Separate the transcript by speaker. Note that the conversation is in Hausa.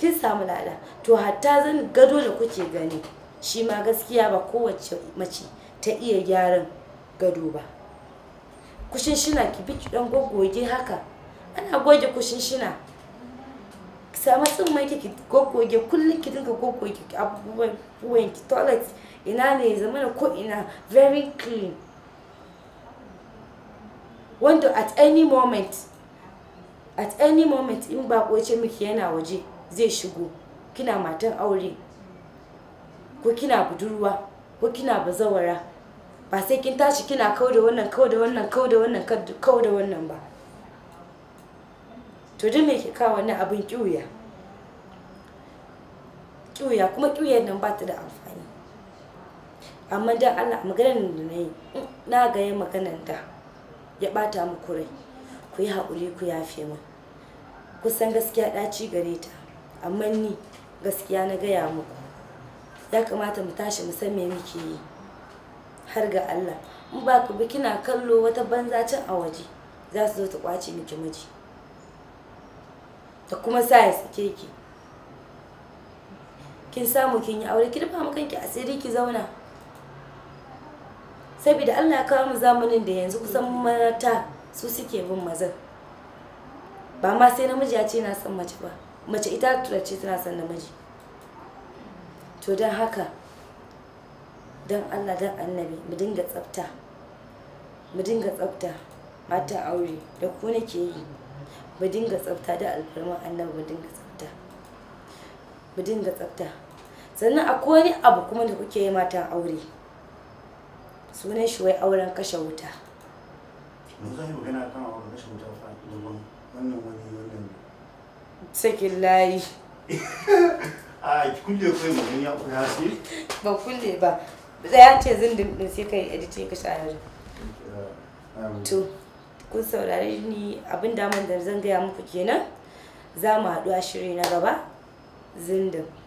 Speaker 1: kin samu lada to hatta zan gado da kuke gani shi ma gaskiya ba kowace mace ta iya gyaran gado ba kushin shina ki bi ki dan goggoge haka ana goge kushin shina sama sun mai ki goggoge kullum ki dinga goggoge abubuwan ki toilet ina ne zamana ko ina very clean wanda at any moment at any moment in ba ce miki yana waje zai shigo kina matan aure ko kina budurwa ko kina bazawara ba sai kin tashi kina kau da wannan kau da wannan kau da wannan kau da wannan ba to duk me ke kawo wannan abin kiwuya kiwuya kuma kiwuyar nan ba ta da amfani amma dan Allah maganar da na yi na ga yin maganar da ya bata muku rai ku yi haƙuri ku yafe mu kusan gaskiya ɗaci gare ta amma ni gaskiya na gaya muku ya kamata mu tashi mu san me muke yi har ga Allah in ba ku bi kina kallo wata banza can a waje za su zo ta kwace miki miji ta kuma sa ya sake ki kin samu kin yi aure ki dafa mu kanki asiri ki zauna saboda Allah ya kawo mu zamanin da yanzu kusan mata su suke bin mazan ba ma sai namiji ya ce na san mace ba mace ita turace tana son namiji to don haka don allah don annabi mu dinga tsafta mu dinga tsafta mata aure da ku nake yi mu dinga tsafta da alfarman annabi mu dinga tsafta mu dinga tsafta sannan akwai wani abu kuma da kuke yi mata aure sunan shi wai auren kashe wuta mun za magana kan auren kashe wuta fa sakin layi a kulle kai mun ya kuna shi ba kulle ba ya ce zindin din sai kai editing ka shayar to kun saurare ni abin da man da zan gaya muku kenan za mu haɗu a shiri na gaba zindin